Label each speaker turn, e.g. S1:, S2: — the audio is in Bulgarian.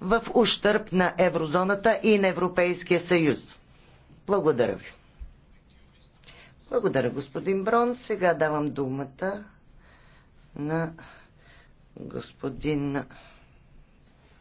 S1: в ущърп на еврозоната и на Европейския съюз. Благодаря ви. Благодаря, господин Брон. Сега давам думата на господин